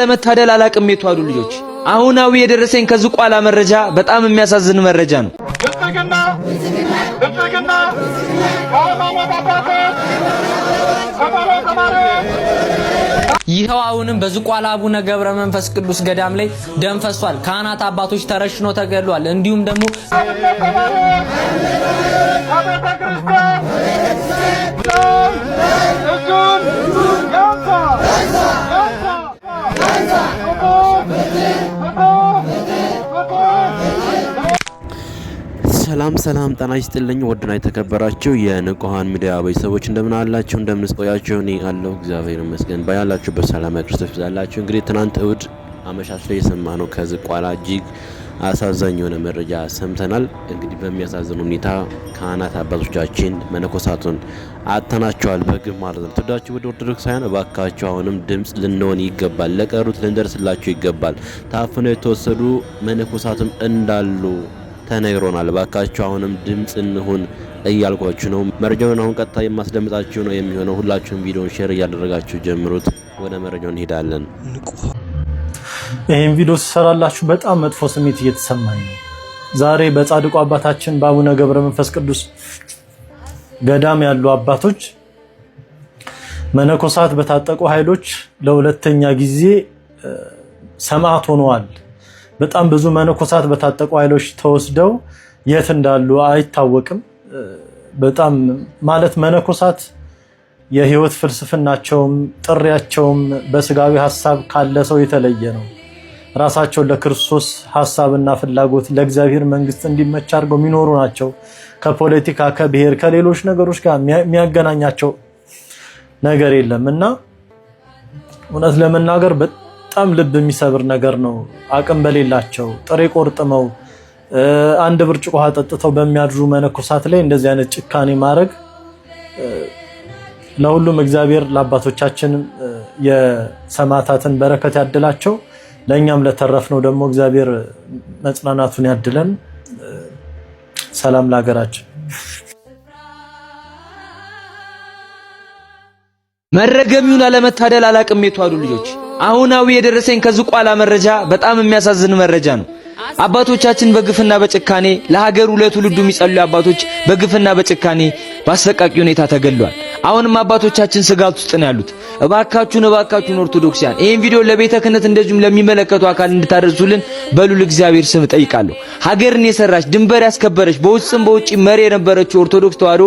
ለመታደል አላቅም የተዋሉ ልጆች አሁናዊ የደረሰኝ ከዝቋላ መረጃ በጣም የሚያሳዝን መረጃ ነው። ይኸው አሁንም በዝቋላ አቡነ ገብረ መንፈስ ቅዱስ ገዳም ላይ ደም ፈሷል። ካህናት አባቶች ተረሽኖ ተገድሏል። እንዲሁም ደግሞ ሰላም ሰላም፣ ጤና ይስጥልኝ ወድና የተከበራችሁ የንቁሃን ሚዲያ ቤተሰቦች እንደምን አላችሁ? እንደምን ስቆያችሁ? እኔ አለሁ እግዚአብሔር ይመስገን። ባላችሁበት ሰላም ክርስቶስ ይብዛላችሁ። እንግዲህ ትናንት እሁድ አመሻሽ ላይ ነው ከዝቋላ እጅግ አሳዛኝ የሆነ መረጃ ሰምተናል። እንግዲህ በሚያሳዝን ሁኔታ ካህናት አባቶቻችን መነኮሳቱን አጥተናቸዋል፣ በግብ ማለት ነው። ትዳችሁ ወደ ኦርቶዶክሳውያን እባካችሁ አሁንም ድምፅ ልንሆን ይገባል፣ ለቀሩት ልንደርስላቸው ይገባል። ታፍነው የተወሰዱ መነኮሳትም እንዳሉ ተነግሮናል። ባካችሁ አሁንም ድምጽ እንሁን እያልኳችሁ ነው። መረጃውን አሁን ቀጥታ የማስደምጣችሁ ነው የሚሆነው። ሁላችሁም ቪዲዮን ሼር እያደረጋችሁ ጀምሩት። ወደ መረጃው እንሄዳለን። ይህም ቪዲዮ ስሰራላችሁ በጣም መጥፎ ስሜት እየተሰማኝ ነው። ዛሬ በጻድቁ አባታችን በአቡነ ገብረ መንፈስ ቅዱስ ገዳም ያሉ አባቶች መነኮሳት በታጠቁ ኃይሎች ለሁለተኛ ጊዜ ሰማዕት ሆነዋል። በጣም ብዙ መነኮሳት በታጠቁ ኃይሎች ተወስደው የት እንዳሉ አይታወቅም። በጣም ማለት መነኮሳት የህይወት ፍልስፍናቸውም ጥሪያቸውም በስጋዊ ሀሳብ ካለ ሰው የተለየ ነው። ራሳቸውን ለክርስቶስ ሀሳብና ፍላጎት ለእግዚአብሔር መንግስት እንዲመች አድርገው የሚኖሩ ናቸው። ከፖለቲካ ከብሔር፣ ከሌሎች ነገሮች ጋር የሚያገናኛቸው ነገር የለም እና እውነት ለመናገር በጣም ልብ የሚሰብር ነገር ነው። አቅም በሌላቸው ጥሬ ቆርጥመው አንድ ብርጭቆ ውሃ ጠጥተው በሚያድሩ መነኮሳት ላይ እንደዚህ አይነት ጭካኔ ማድረግ ለሁሉም እግዚአብሔር ለአባቶቻችን የሰማዕታትን በረከት ያድላቸው። ለእኛም ለተረፍ ነው ደግሞ እግዚአብሔር መጽናናቱን ያድለን። ሰላም ለሀገራችን። መረገሚውን አለመታደል አላቅም የተዋሉ ልጆች አሁናዊ የደረሰኝ ከዝቋላ መረጃ በጣም የሚያሳዝን መረጃ ነው። አባቶቻችን በግፍና በጭካኔ ለሀገሩ ለትውልዱ የሚጸልዩ አባቶች በግፍና በጭካኔ በአሰቃቂ ሁኔታ ተገሏል። አሁንም አባቶቻችን ስጋት ውስጥ ነው ያሉት። እባካችሁን እባካችሁን ኦርቶዶክሲያን ይህን ቪዲዮ ለቤተ ክህነት እንደዚሁም ለሚመለከቱ አካል እንድታደርሱልን በሉል እግዚአብሔር ስም እጠይቃለሁ። ሀገርን የሰራች ድንበር ያስከበረች በውስጥም በውጪ መሪ የነበረችው ኦርቶዶክስ ተዋዶ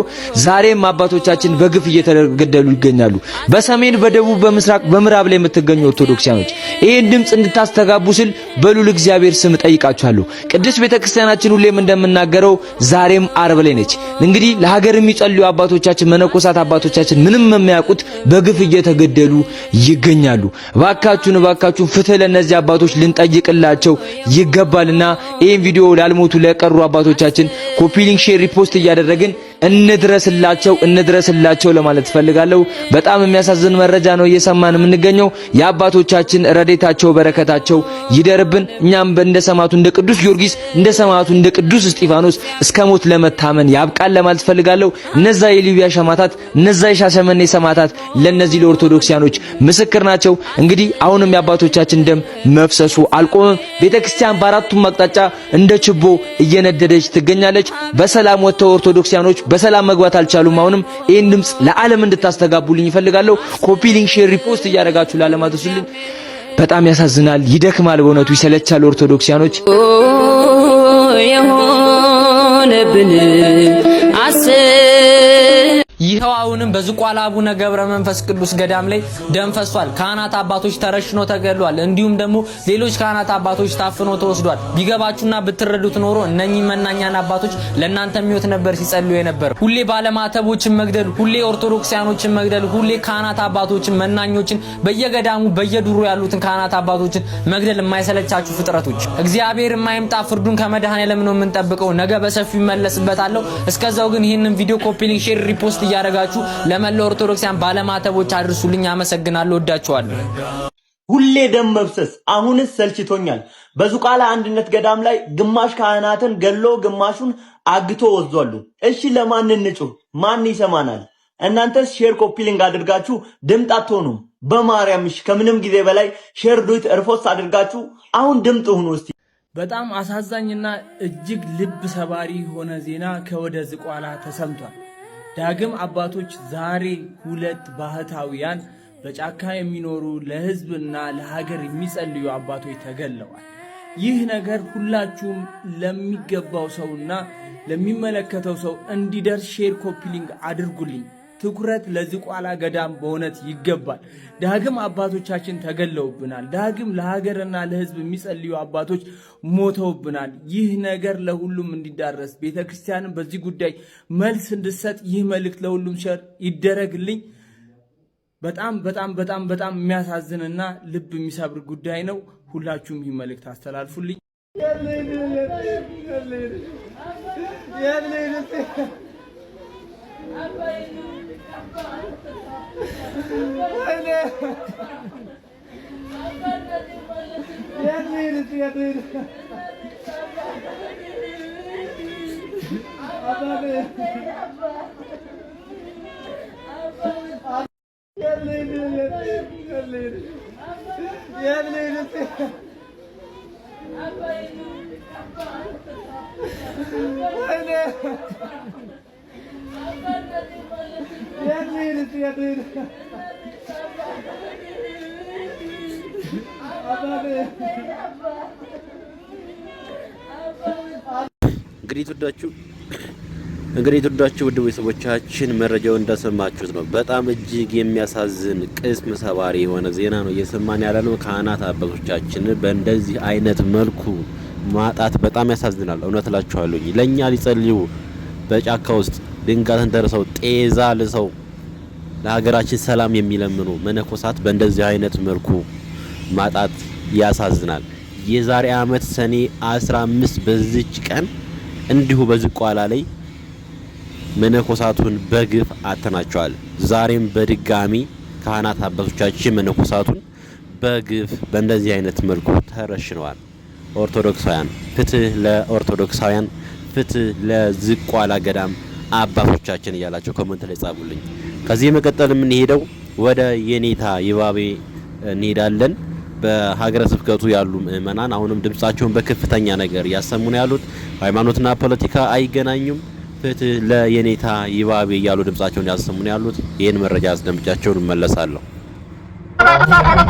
ዛሬም አባቶቻችን በግፍ እየተገደሉ ይገኛሉ። በሰሜን፣ በደቡብ፣ በምስራቅ፣ በምዕራብ ላይ የምትገኙ ኦርቶዶክሲያኖች ይህን ድምፅ እንድታስተጋቡ ስል በሉል እግዚአብሔር ስም እጠይቃችኋለሁ። ቅዱስ ቤተክርስቲያናችን ሁሌም እንደምናገረው ዛሬም አርብ ላይ ነች። እንግዲህ ለሀገር የሚጸልዩ አባቶቻችን መነኮሳት አባ አባቶቻችን ምንም የማያውቁት በግፍ እየተገደሉ ይገኛሉ። እባካችሁን እባካችሁን ፍትህ ለእነዚህ አባቶች ልንጠይቅላቸው ይገባልና ይህን ቪዲዮ ላልሞቱ ለቀሩ አባቶቻችን ኮፒ ሊንክ፣ ሼር፣ ሪፖስት እያደረግን እንድረስላቸው እንድረስላቸው ለማለት ፈልጋለሁ። በጣም የሚያሳዝን መረጃ ነው እየሰማን የምንገኘው። የአባቶቻችን ረዴታቸው በረከታቸው ይደርብን። እኛም እንደ ሰማዕቱ እንደ ቅዱስ ጊዮርጊስ እንደ ሰማዕቱ እንደ ቅዱስ እስጢፋኖስ እስከ ሞት ለመታመን ያብቃን ለማለት ፈልጋለሁ። እነዛ የሊቢያ ሸማታት እነዛ የሻሸመኔ ሰማታት ለነዚህ ለኦርቶዶክሲያኖች ምስክር ናቸው። እንግዲህ አሁንም የአባቶቻችን ደም መፍሰሱ አልቆመም። ቤተክርስቲያን በአራቱም አቅጣጫ እንደ ችቦ እየነደደች ትገኛለች። በሰላም ወጥተው ኦርቶዶክሲያኖች በሰላም መግባት አልቻሉም። አሁንም ይህን ድምፅ ለዓለም እንድታስተጋቡልኝ ይፈልጋለሁ። ኮፒ ሊንክ፣ ሼር፣ ሪፖስት እያደረጋችሁ ለዓለም አድርሱልኝ። በጣም ያሳዝናል፣ ይደክማል፣ በእውነቱ ይሰለቻል። ኦርቶዶክሲያኖች የሆነብን አስ ይኸው አሁንም በዝቋላ አቡነ ገብረ መንፈስ ቅዱስ ገዳም ላይ ደም ፈሷል። ካህናት አባቶች ተረሽኖ ተገድሏል። እንዲሁም ደግሞ ሌሎች ካህናት አባቶች ታፍኖ ተወስዷል። ቢገባችሁና ብትረዱት ኖሮ እነኚህ መናኛን አባቶች ለእናንተ ሕይወት ነበር ሲጸልዩ የነበር ሁሌ ባለማተቦችን መግደል፣ ሁሌ ኦርቶዶክሳውያኖችን መግደል፣ ሁሌ ካህናት አባቶችን መናኞችን፣ በየገዳሙ በየዱሮ ያሉትን ካህናት አባቶችን መግደል የማይሰለቻችሁ ፍጥረቶች እግዚአብሔር የማይምጣ ፍርዱን ከመድኃኔዓለም ነው የምንጠብቀው። ነገ በሰፊው ይመለስበታለሁ። እስከዛው ግን ይህንን ቪዲዮ ኮፒ፣ ሼር፣ ሪፖስት እያደረጋችሁ ለመላው ኦርቶዶክሲያን ባለማተቦች አድርሱልኝ። አመሰግናለሁ። ወዳችኋለሁ። ሁሌ ደም መብሰስ አሁንስ ሰልችቶኛል። በዝቋላ አንድነት ገዳም ላይ ግማሽ ካህናትን ገሎ ግማሹን አግቶ ወዟሉ። እሺ ለማን እንጩህ? ማን ይሰማናል? እናንተስ ሼር ኮፒሊንግ አድርጋችሁ ድምፅ አትሆኑም? በማርያም እሺ፣ ከምንም ጊዜ በላይ ሼር ዱት እርፎስ አድርጋችሁ አሁን ድምፅ ሁኑ። እስቲ በጣም አሳዛኝና እጅግ ልብ ሰባሪ የሆነ ዜና ከወደ ዝቋላ ተሰምቷል። ዳግም አባቶች ዛሬ ሁለት ባህታውያን በጫካ የሚኖሩ ለሕዝብና ለሀገር የሚጸልዩ አባቶች ተገለዋል። ይህ ነገር ሁላችሁም ለሚገባው ሰውና ለሚመለከተው ሰው እንዲደርስ ሼር ኮፒሊንግ አድርጉልኝ። ትኩረት ለዝቋላ ገዳም በእውነት ይገባል። ዳግም አባቶቻችን ተገለውብናል። ዳግም ለሀገርና ለሕዝብ የሚጸልዩ አባቶች ሞተውብናል። ይህ ነገር ለሁሉም እንዲዳረስ ቤተ ክርስቲያንም በዚህ ጉዳይ መልስ እንድሰጥ ይህ መልእክት ለሁሉም ሸር ይደረግልኝ። በጣም በጣም በጣም በጣም የሚያሳዝንና ልብ የሚሰብር ጉዳይ ነው። ሁላችሁም ይህ መልእክት አስተላልፉልኝ። Öyle. Yer değiliz ya değiliz. Abla be. Yerleyiniz, yerleyiniz, yerleyiniz. Yerleyiniz. Öyle. እንግዲህ ትወዳችሁ እንግዲህ ትወዳችሁ ውድ ቤተሰቦቻችን መረጃው እንደሰማችሁት ነው። በጣም እጅግ የሚያሳዝን ቅስም ሰባሪ የሆነ ዜና ነው እየሰማን ያለ ነው። ካህናት አባቶቻችን በእንደዚህ አይነት መልኩ ማጣት በጣም ያሳዝናል። እውነት እላችኋለሁ ለእኛ ሊጸልዩ በጫካ ውስጥ ድንጋተን ደርሰው ጤዛ ልሰው ለሀገራችን ሰላም የሚለምኑ መነኮሳት በእንደዚህ አይነት መልኩ ማጣት ያሳዝናል። የዛሬ አመት ሰኔ 15 በዚች ቀን እንዲሁ በዝቋላ ላይ መነኮሳቱን በግፍ አተናቸዋል። ዛሬም በድጋሚ ካህናት አባቶቻችን መነኮሳቱን በግፍ በእንደዚህ አይነት መልኩ ተረሽነዋል። ኦርቶዶክሳውያን ፍትህ! ለኦርቶዶክሳውያን ፍትህ! ለዝቋላ ገዳም አባቶቻችን እያላቸው ኮመንት ላይ ጻፉልኝ። ከዚህ መቀጠል የምንሄደው ወደ የኔታ ይባቤ እንሄዳለን። በሀገረ ስብከቱ ያሉ ምእመናን አሁንም ድምጻቸውን በከፍተኛ ነገር እያሰሙ ነው ያሉት። ሃይማኖትና ፖለቲካ አይገናኙም፣ ፍትህ ለየኔታ ይባቤ እያሉ ድምጻቸውን ያሰሙ ነው ያሉት። ይህን መረጃ አስደምጫቸውን እመለሳለሁ። You're going! You're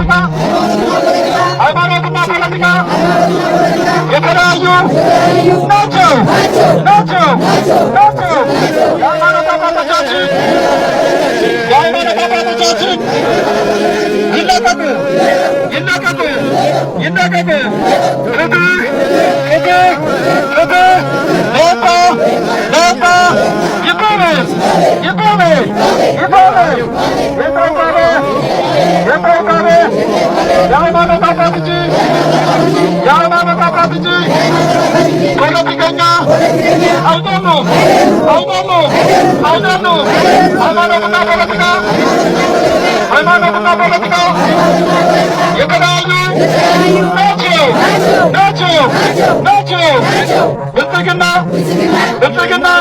going! You're going! You're going! ఎప్పుడు కాదు జయ మానవ కాపాడించి జయ మానవ కాపాడించి పొలిటికంగా అవుతాను అవుతాను అవుతాను అమానవత పొలటిక అమానవత పొలటిక ఎక్కడ ఎంతకిందా ఎంతకిందా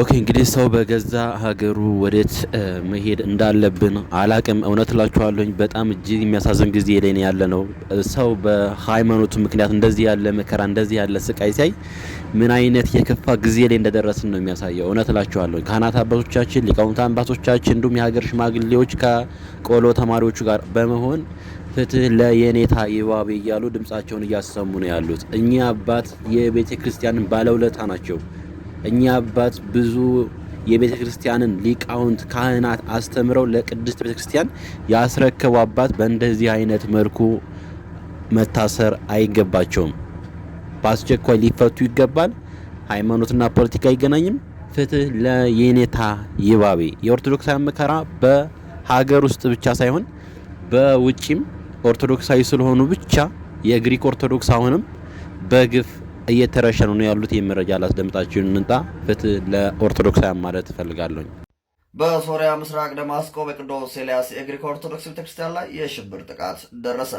ኦኬ እንግዲህ ሰው በገዛ ሀገሩ ወዴት መሄድ እንዳለብን አላቅም። እውነት ላችኋለሁኝ በጣም እጅግ የሚያሳዝን ጊዜ ላይ ያለ ነው። ሰው በሃይማኖቱ ምክንያት እንደዚህ ያለ መከራ፣ እንደዚህ ያለ ስቃይ ሲያይ ምን አይነት የከፋ ጊዜ ላይ እንደደረስን ነው የሚያሳየው። እውነት ላችኋለሁኝ ካህናት አባቶቻችን፣ ሊቃውንት አባቶቻችን እንዲሁም የሀገር ሽማግሌዎች ከቆሎ ተማሪዎቹ ጋር በመሆን ፍትህ ለየኔታ ይዋብ እያሉ ድምጻቸውን እያሰሙ ነው ያሉት። እኚህ አባት የቤተ ክርስቲያንን ባለውለታ ናቸው። እኛ አባት ብዙ የቤተ ክርስቲያንን ሊቃውንት ካህናት አስተምረው ለቅድስት ቤተ ክርስቲያን ያስረከቡ አባት በእንደዚህ አይነት መልኩ መታሰር አይገባቸውም። በአስቸኳይ ሊፈቱ ይገባል። ሃይማኖትና ፖለቲካ አይገናኝም። ፍትህ ለየኔታ ይባቤ። የኦርቶዶክሳዊ መከራ በሀገር ውስጥ ብቻ ሳይሆን በውጪም ኦርቶዶክሳዊ ስለሆኑ ብቻ የግሪክ ኦርቶዶክስ አሁንም በግፍ እየተረሸኑ ነው ያሉት። ይህ መረጃ ላስደምጣችሁ እንምጣ። ፍትህ ለኦርቶዶክሳውያን ማለት እፈልጋለሁ። በሶሪያ ምስራቅ ደማስቆ በቅዱስ ኤልያስ የግሪክ ኦርቶዶክስ ቤተክርስቲያን ላይ የሽብር ጥቃት ደረሰ።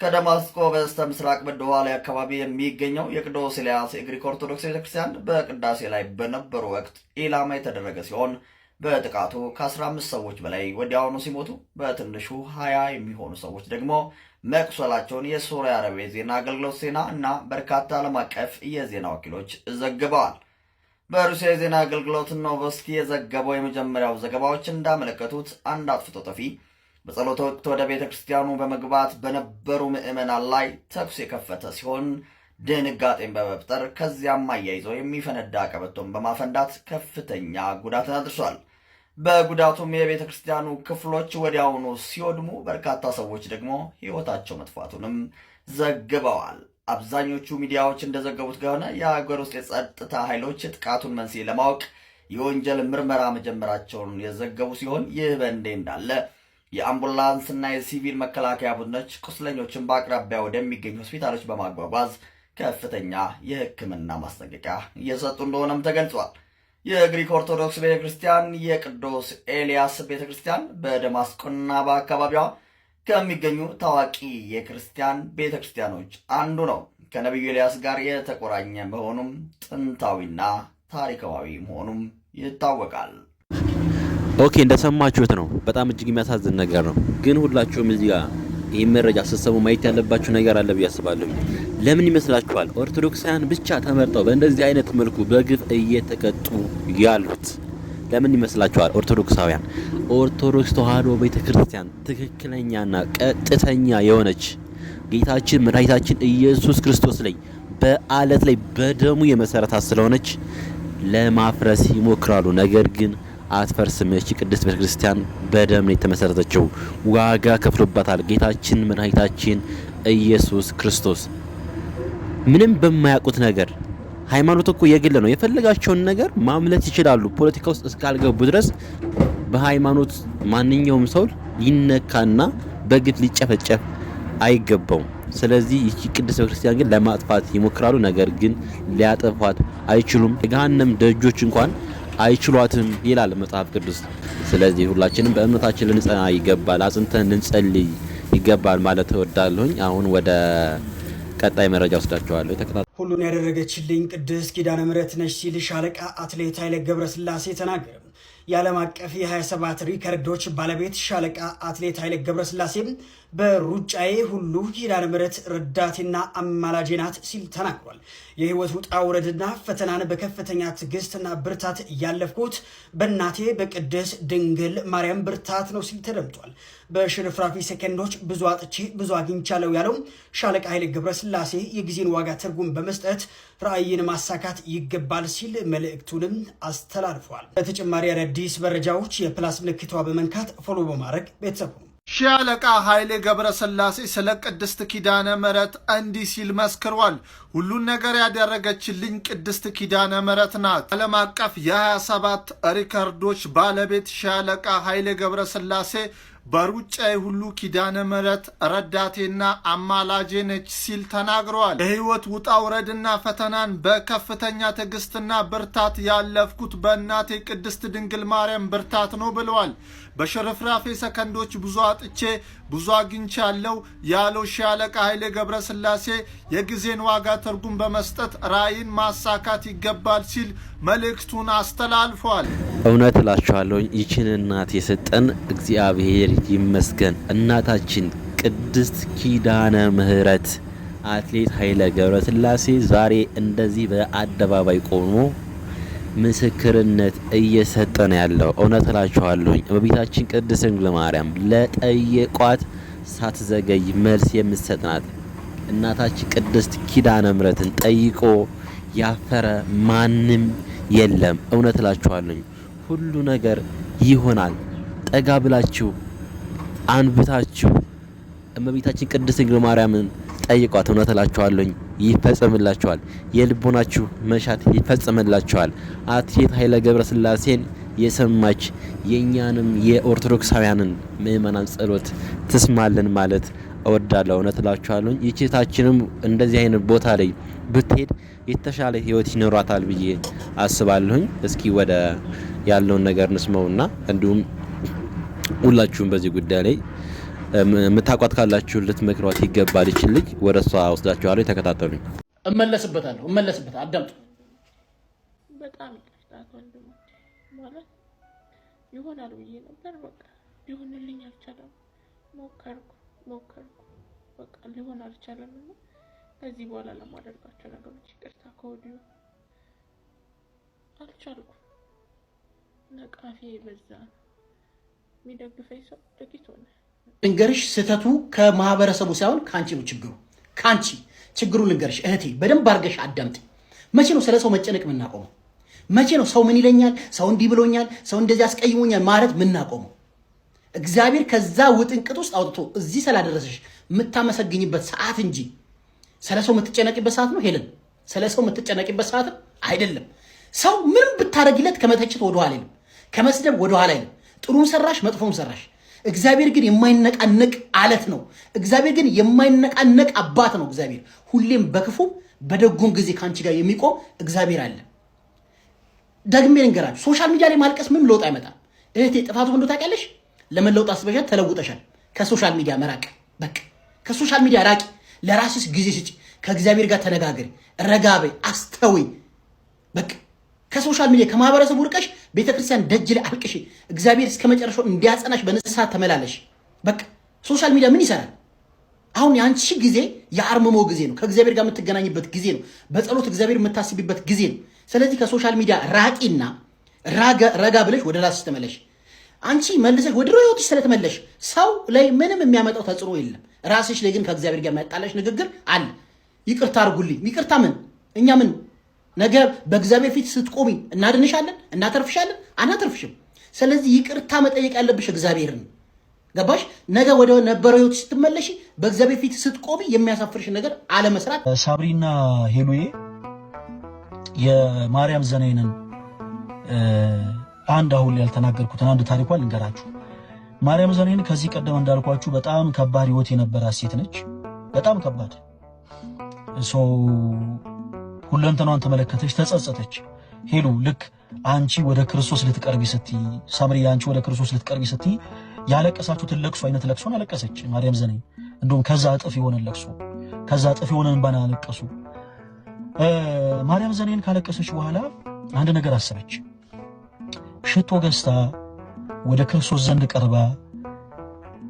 ከደማስቆ በስተ ምስራቅ በደኋላ አካባቢ የሚገኘው የቅዱስ ኤልያስ የግሪክ ኦርቶዶክስ ቤተክርስቲያን በቅዳሴ ላይ በነበሩ ወቅት ኢላማ የተደረገ ሲሆን በጥቃቱ ከ15 ሰዎች በላይ ወዲያውኑ ሲሞቱ በትንሹ 20 የሚሆኑ ሰዎች ደግሞ መቁሰላቸውን የሶሪያ አረብ የዜና አገልግሎት ዜና እና በርካታ ዓለም አቀፍ የዜና ወኪሎች ዘግበዋል። በሩሲያ የዜና አገልግሎት ኖቮስኪ የዘገበው የመጀመሪያው ዘገባዎች እንዳመለከቱት አንድ አጥፍቶ ጠፊ በጸሎት ወቅት ወደ ቤተ ክርስቲያኑ በመግባት በነበሩ ምዕመናን ላይ ተኩስ የከፈተ ሲሆን ድንጋጤን በመፍጠር ከዚያም አያይዘው የሚፈነዳ ቀበቶን በማፈንዳት ከፍተኛ ጉዳትን አድርሷል። በጉዳቱም የቤተ ክርስቲያኑ ክፍሎች ወዲያውኑ ሲወድሙ በርካታ ሰዎች ደግሞ ሕይወታቸው መጥፋቱንም ዘግበዋል። አብዛኞቹ ሚዲያዎች እንደዘገቡት ከሆነ የሀገር ውስጥ የጸጥታ ኃይሎች ጥቃቱን መንስኤ ለማወቅ የወንጀል ምርመራ መጀመራቸውን የዘገቡ ሲሆን ይህ በእንዴ እንዳለ የአምቡላንስና የሲቪል መከላከያ ቡድኖች ቁስለኞችን በአቅራቢያ ወደሚገኙ ሆስፒታሎች በማጓጓዝ ከፍተኛ የሕክምና ማስጠንቀቂያ እየሰጡ እንደሆነም ተገልጿል። የግሪክ ኦርቶዶክስ ቤተ ክርስቲያን የቅዱስ ኤልያስ ቤተ ክርስቲያን በደማስቆና በአካባቢዋ ከሚገኙ ታዋቂ የክርስቲያን ቤተ ክርስቲያኖች አንዱ ነው። ከነቢዩ ኤልያስ ጋር የተቆራኘ መሆኑም ጥንታዊና ታሪካዊ መሆኑም ይታወቃል። ኦኬ፣ እንደሰማችሁት ነው። በጣም እጅግ የሚያሳዝን ነገር ነው። ግን ሁላችሁም እዚህ ጋር ይህ መረጃ ስትሰሙ ማየት ያለባችሁ ነገር አለ ብዬ አስባለሁ። ለምን ይመስላችኋል ኦርቶዶክሳውያን ብቻ ተመርጠው በእንደዚህ አይነት መልኩ በግፍ እየተቀጡ ያሉት? ለምን ይመስላችኋል ኦርቶዶክሳውያን? ኦርቶዶክስ ተዋህዶ ቤተክርስቲያን ትክክለኛና ቀጥተኛ የሆነች ጌታችን መድኃኒታችን ኢየሱስ ክርስቶስ ላይ በአለት ላይ በደሙ የመሰረታት ስለሆነች ለማፍረስ ይሞክራሉ። ነገር ግን አትፈርስም። እቺ ቅድስት ቤተ ክርስቲያን በደም ነው የተመሰረተችው። ዋጋ ከፍሎባታል ጌታችን መድኃኒታችን ኢየሱስ ክርስቶስ። ምንም በማያውቁት ነገር ሃይማኖት እኮ የግል ነው። የፈለጋቸውን ነገር ማምለት ይችላሉ። ፖለቲካ ውስጥ እስካልገቡ ድረስ በሃይማኖት ማንኛውም ሰው ሊነካና በግድ ሊጨፈጨፍ አይገባውም። ስለዚህ ይቺ ቅድስት ቤተክርስቲያን ግን ለማጥፋት ይሞክራሉ፣ ነገር ግን ሊያጠፏት አይችሉም። የገሃነም ደጆች እንኳን አይችሏትም ይላል መጽሐፍ ቅዱስ። ስለዚህ ሁላችንም በእምነታችን ልንጸና ይገባል፣ አጽንተን ልንጸልይ ይገባል ማለት እወዳለሁኝ። አሁን ወደ ቀጣይ መረጃ ወስዳቸዋለሁ። ተከታተሉ። ሁሉን ያደረገችልኝ ቅድስት ኪዳነ ምሕረት ነች ሲል ሻለቃ አትሌት ኃይለ ገብረስላሴ ተናገረ። የዓለም አቀፍ የ27 ሪከርዶች ባለቤት ሻለቃ አትሌት ኃይለ ገብረስላሴ በሩጫዬ ሁሉ ኪዳነ ምሕረት ረዳቴና አማላጄ ናት ሲል ተናግሯል። የህይወት ውጣ ውረድና ፈተናን በከፍተኛ ትዕግስትና ብርታት ያለፍኩት በእናቴ በቅድስ ድንግል ማርያም ብርታት ነው ሲል ተደምጧል። በሽርፍራፊ ሴከንዶች ብዙ አጥቼ ብዙ አግኝቻለሁ ያለው ሻለቃ ኃይሌ ገብረስላሴ የጊዜን ዋጋ ትርጉም በመስጠት ራዕይን ማሳካት ይገባል ሲል መልእክቱንም አስተላልፏል። በተጨማሪ አዳዲስ መረጃዎች የፕላስ ምልክቷ በመንካት ፎሎ በማድረግ ቤተሰብ ነው። ሺህ አለቃ ኃይሌ ገብረስላሴ ስለ ቅድስት ኪዳነ ምሕረት እንዲህ ሲል መስክሯል። ሁሉን ነገር ያደረገችልኝ ቅድስት ኪዳነ ምሕረት ናት። ዓለም አቀፍ የ27 ሪከርዶች ባለቤት ሺህ አለቃ ኃይሌ ገብረስላሴ በሩጫዬ ሁሉ ኪዳነ ምሕረት ረዳቴና አማላጄ ነች ሲል ተናግረዋል። የሕይወት ውጣ ውረድና ፈተናን በከፍተኛ ትዕግስትና ብርታት ያለፍኩት በእናቴ ቅድስት ድንግል ማርያም ብርታት ነው ብለዋል። በሽርፍራፌ ሰከንዶች ብዙ አጥቼ ብዙ አግኝቻ ያለው ያለው ሻለቃ ኃይሌ ገብረስላሴ የጊዜን ዋጋ ትርጉም በመስጠት ራዕይን ማሳካት ይገባል ሲል መልእክቱን አስተላልፏል። እውነት እላችኋለሁ ይችን እናት የሰጠን እግዚአብሔር ይመስገን። እናታችን ቅድስት ኪዳነ ምሕረት አትሌት ኃይሌ ገብረስላሴ ዛሬ እንደዚህ በአደባባይ ቆሞ ምስክርነት እየሰጠን ያለው። እውነት እላችኋለሁኝ እመቤታችን ቅድስት ድንግል ማርያም ለጠየቋት ሳትዘገይ መልስ የምትሰጥ ናት። እናታችን ቅድስት ኪዳነ ምሕረትን ጠይቆ ያፈረ ማንም የለም። እውነት እላችኋለሁኝ ሁሉ ነገር ይሆናል። ጠጋ ብላችሁ አንብታችሁ እመቤታችን ቅድስት ድንግል ማርያምን ጠይቋት። እውነት እላችኋለሁኝ ይፈጸምላችኋል፣ የልቦናችሁ መሻት ይፈጸምላችኋል። አትሌት ኃይለ ገብረስላሴን የሰማች የእኛንም የኦርቶዶክሳውያንን ምእመናን ጸሎት ትስማልን ማለት እወዳለሁ። እውነት እላችኋለሁ። ይቼታችንም እንደዚህ አይነት ቦታ ላይ ብትሄድ የተሻለ ህይወት ይኖራታል ብዬ አስባለሁኝ። እስኪ ወደ ያለውን ነገር እንስመውና እንዲሁም ሁላችሁም በዚህ ጉዳይ ላይ የምታቋት ካላችሁ ልትመክሯት ይገባል። ይችን ልጅ ወደ እሷ ወስዳችኋለሁ። የተከታተሉኝ እመለስበታለሁ። እመለስበታለሁ። አዳምጡ። በጣም ይቅርታት ወንድሞ ማለት ይሆናል ብዬ ነበር። በቃ ሊሆንልኝ አልቻለም። ሞከርኩ ሞከርኩ፣ በቃ ሊሆን አልቻለም። እና ከዚህ በኋላ ለማደርጋቸው ነገሮች ይቅርታ ከወዲሁ አልቻልኩ። ነቃፊ በዛ የሚደግፈኝ ሰው ጥቂት ሆነ። ልንገርሽ፣ ስህተቱ ከማህበረሰቡ ሳይሆን ከአንቺ ነው ችግሩ። ከአንቺ ችግሩ ልንገርሽ እህቴ፣ በደንብ አድርገሽ አዳምጥ። መቼ ነው ስለ ሰው መጨነቅ የምናቆመው? መቼ ነው ሰው ምን ይለኛል፣ ሰው እንዲህ ብሎኛል፣ ሰው እንደዚህ አስቀይሞኛል ማለት የምናቆመው? እግዚአብሔር ከዛ ውጥንቅጥ ውስጥ አውጥቶ እዚህ ስላደረሰሽ የምታመሰግኝበት ሰዓት እንጂ ስለ ሰው የምትጨነቂበት ሰዓት ነው ሄለን፣ ስለ ሰው የምትጨነቂበት ሰዓት አይደለም። ሰው ምንም ብታደረግለት ከመተችት ወደኋላ አይልም፣ ከመስደብ ወደኋላ አይልም። ጥሩም ሰራሽ መጥፎም ሰራሽ እግዚአብሔር ግን የማይነቃነቅ አለት ነው። እግዚአብሔር ግን የማይነቃነቅ አባት ነው። እግዚአብሔር ሁሌም በክፉ በደጉም ጊዜ ከአንቺ ጋር የሚቆም እግዚአብሔር አለ። ደግሜ ልንገራችሁ፣ ሶሻል ሚዲያ ላይ ማልቀስ ምንም ለውጥ አይመጣም። እህቴ ጥፋቱ እንደው ታውቂያለሽ። ለመለውጥ አስበሻል፣ ተለውጠሻል። ከሶሻል ሚዲያ መራቅ በቃ ከሶሻል ሚዲያ ራቂ። ለራስሽ ጊዜ ስጪ። ከእግዚአብሔር ጋር ተነጋገሪ፣ ረጋበይ፣ አስተውይ። በቃ ከሶሻል ሚዲያ ከማህበረሰቡ ርቀሽ ቤተ ክርስቲያን ደጅ ላይ አልቅሽ። እግዚአብሔር እስከ መጨረሻው እንዲያጸናሽ በንስሐ ተመላለሽ። በቃ ሶሻል ሚዲያ ምን ይሰራል? አሁን የአንቺ ጊዜ የአርምሞ ጊዜ ነው። ከእግዚአብሔር ጋር የምትገናኝበት ጊዜ ነው። በጸሎት እግዚአብሔር የምታስቢበት ጊዜ ነው። ስለዚህ ከሶሻል ሚዲያ ራቂና ረጋ ብለሽ ወደ ራስሽ ተመለሽ። አንቺ መልሰሽ ወደ ድሮ ህይወትሽ ስለተመለሽ ሰው ላይ ምንም የሚያመጣው ተጽዕኖ የለም። ራስሽ ላይ ግን ከእግዚአብሔር ጋር የሚያጣላሽ ንግግር አለ። ይቅርታ አርጉልኝ። ይቅርታ ምን እኛ ምን ነገ በእግዚአብሔር ፊት ስትቆሚ እናድንሻለን፣ እናተርፍሻለን፣ አናተርፍሽም። ስለዚህ ይቅርታ መጠየቅ ያለብሽ እግዚአብሔርን ገባሽ? ነገ ወደ ነበረው ህይወት ስትመለሽ በእግዚአብሔር ፊት ስትቆሚ የሚያሳፍርሽ ነገር አለመስራት። ሳብሪና ሄሉዬ የማርያም ዘናይንን አንድ አሁን ያልተናገርኩትን አንድ ታሪኳን ልንገራችሁ። ማርያም ዘናይን ከዚህ ቀደም እንዳልኳችሁ በጣም ከባድ ህይወት የነበራት ሴት ነች። በጣም ከባድ ሁለንተኗን ተመለከተች፣ ተጸጸተች። ሄሉ ልክ አንቺ ወደ ክርስቶስ ልትቀርቢ ስትይ ሳምሪ አንቺ ወደ ክርስቶስ ልትቀርቢ ስትይ ያለቀሳችሁትን ለቅሶ አይነት ለቅሶን አለቀሰች ማርያም ዘነኝ። እንዲሁም ከዛ እጥፍ የሆነን ለቅሶ ከዛ እጥፍ የሆነን እንባን አለቀሱ። ማርያም ዘነኝን ካለቀሰች በኋላ አንድ ነገር አሰበች። ሽቶ ገዝታ ወደ ክርስቶስ ዘንድ ቀርባ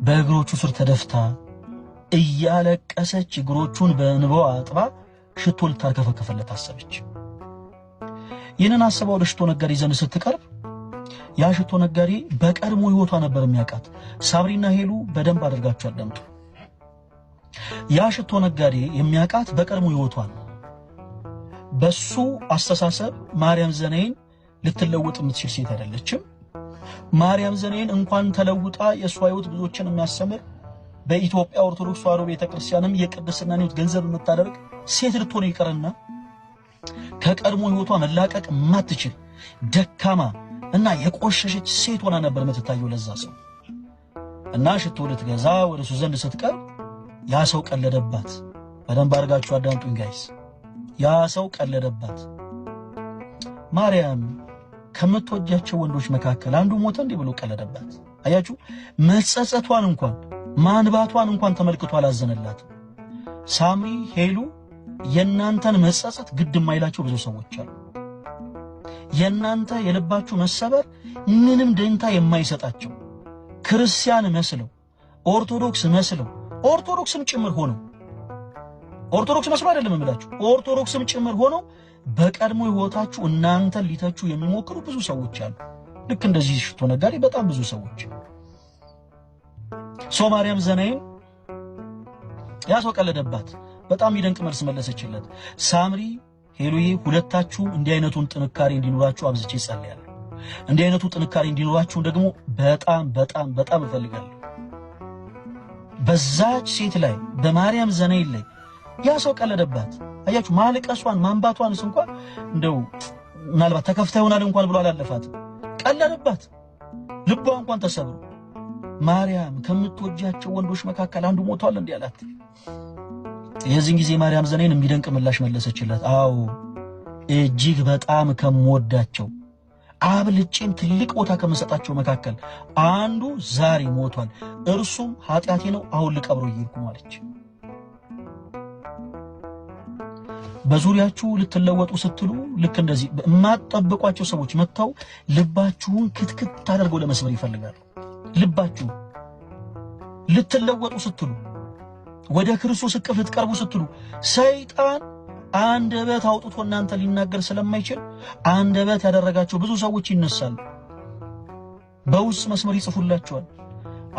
በእግሮቹ ስር ተደፍታ እያለቀሰች እግሮቹን በእንባዋ አጥባ ሽቶ ልታርከፈከፈለት አሰበች። ይህንን አስባ ወደ ሽቶ ነጋዴ ዘንድ ስትቀርብ ያ ሽቶ ነጋዴ በቀድሞ ሕይወቷ ነበር የሚያውቃት። ሳብሪና ሄሉ በደንብ አድርጋችሁ አዳምጡ። ያ ሽቶ ነጋዴ የሚያውቃት በቀድሞ ሕይወቷ ነው። በሱ አስተሳሰብ ማርያም ዘነይን ልትለወጥ የምትችል ሴት አይደለችም። ማርያም ዘነይን እንኳን ተለውጣ የእሷ ሕይወት ብዙዎችን የሚያስተምር በኢትዮጵያ ኦርቶዶክስ ተዋሕዶ ቤተክርስቲያንም የቅድስና ሕይወት ገንዘብ የምታደርግ ሴት ልትሆን ይቀርና ከቀድሞ ሕይወቷ መላቀቅ ማትችል ደካማ እና የቆሸሸች ሴት ሆና ነበር የምትታየው ለዛ ሰው እና ሽቶ ልትገዛ ወደ እሱ ዘንድ ስትቀር ያ ሰው ቀለደባት። በደንብ አድርጋችሁ አዳምጡኝ ጋይስ። ያ ሰው ቀለደባት። ማርያም ከምትወጃቸው ወንዶች መካከል አንዱ ሞተ እንዲህ ብሎ ቀለደባት። አያችሁ መጸጸቷን እንኳን ማንባቷን እንኳን ተመልክቶ አላዘነላትም። ሳምሪ ሄሉ፣ የእናንተን መጸጸት ግድ የማይላቸው ብዙ ሰዎች አሉ። የእናንተ የልባችሁ መሰበር ምንም ደንታ የማይሰጣቸው ክርስቲያን መስለው ኦርቶዶክስ መስለው ኦርቶዶክስም ጭምር ሆነው ኦርቶዶክስ መስሎ አይደለም የምላችሁ፣ ኦርቶዶክስም ጭምር ሆነው በቀድሞ ሕይወታችሁ እናንተን ሊተቹ የሚሞክሩ ብዙ ሰዎች አሉ። ልክ እንደዚህ ሽቶ ነጋዴ በጣም ብዙ ሰዎች ሶ ማርያም ዘነይን ያ ሰው ቀለደባት። በጣም ይደንቅ መልስ መለሰችለት። ሳምሪ ሄሉዬ፣ ሁለታችሁ እንዲህ አይነቱን ጥንካሬ እንዲኖራችሁ አብዝቼ እጸልያለሁ። እንዲህ አይነቱ ጥንካሬ እንዲኖራችሁ ደግሞ በጣም በጣም በጣም እፈልጋለሁ። በዛች ሴት ላይ በማርያም ዘናዬ ላይ ያ ሰው ቀለደባት። አያችሁ ማልቀሷን ማንባቷንስ እንኳን እንደው ምናልባት ተከፍታ ይሆናል እንኳን ብሎ አላለፋት፣ ቀለደባት። ልቧ እንኳን ተሰብሮ ማርያም ከምትወጃቸው ወንዶች መካከል አንዱ ሞቷል እንዲህ አላት። የዚህን ጊዜ ማርያም ዘኔን የሚደንቅ ምላሽ መለሰችላት። አዎ እጅግ በጣም ከምወዳቸው አብልጬም ትልቅ ቦታ ከምሰጣቸው መካከል አንዱ ዛሬ ሞቷል፣ እርሱም ኃጢአቴ ነው። አሁን ልቀብሮ እየሄድኩ ማለች። በዙሪያችሁ ልትለወጡ ስትሉ ልክ እንደዚህ የማትጠብቋቸው ሰዎች መጥተው ልባችሁን ክትክት ታደርገው ለመስበር ይፈልጋሉ። ልባችሁ ልትለወጡ ስትሉ ወደ ክርስቶስ እቅፍ ልትቀርቡ ስትሉ ሰይጣን አንደበት አውጥቶ እናንተ ሊናገር ስለማይችል አንደበት ያደረጋቸው ብዙ ሰዎች ይነሳሉ። በውስጥ መስመር ይጽፉላቸዋል።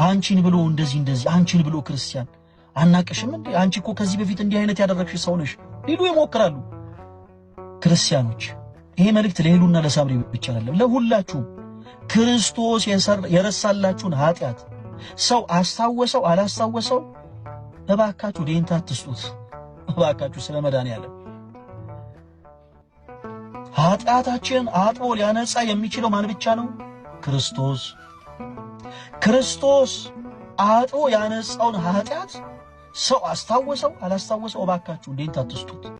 አንቺን ብሎ እንደዚህ እንደዚህ፣ አንቺን ብሎ ክርስቲያን አናቅሽም እንዴ? አንቺ እኮ ከዚህ በፊት እንዲህ አይነት ያደረግሽ ሰው ነሽ ሊሉ ይሞክራሉ። ክርስቲያኖች፣ ይሄ መልእክት ለሄሉና ለሳምሪ ብቻ አይደለም፣ ለሁላችሁም ክርስቶስ የረሳላችሁን ኃጢአት ሰው አስታወሰው አላስታወሰው፣ እባካችሁ ደንታ አትስጡት። እባካችሁ ስለ ያለ ኃጢአታችን አጥቦ ሊያነጻ የሚችለው ማን ብቻ ነው? ክርስቶስ። ክርስቶስ አጥቦ ያነጻውን ኃጢአት ሰው አስታወሰው አላስታወሰው፣ እባካችሁ ደንታ አትስጡት።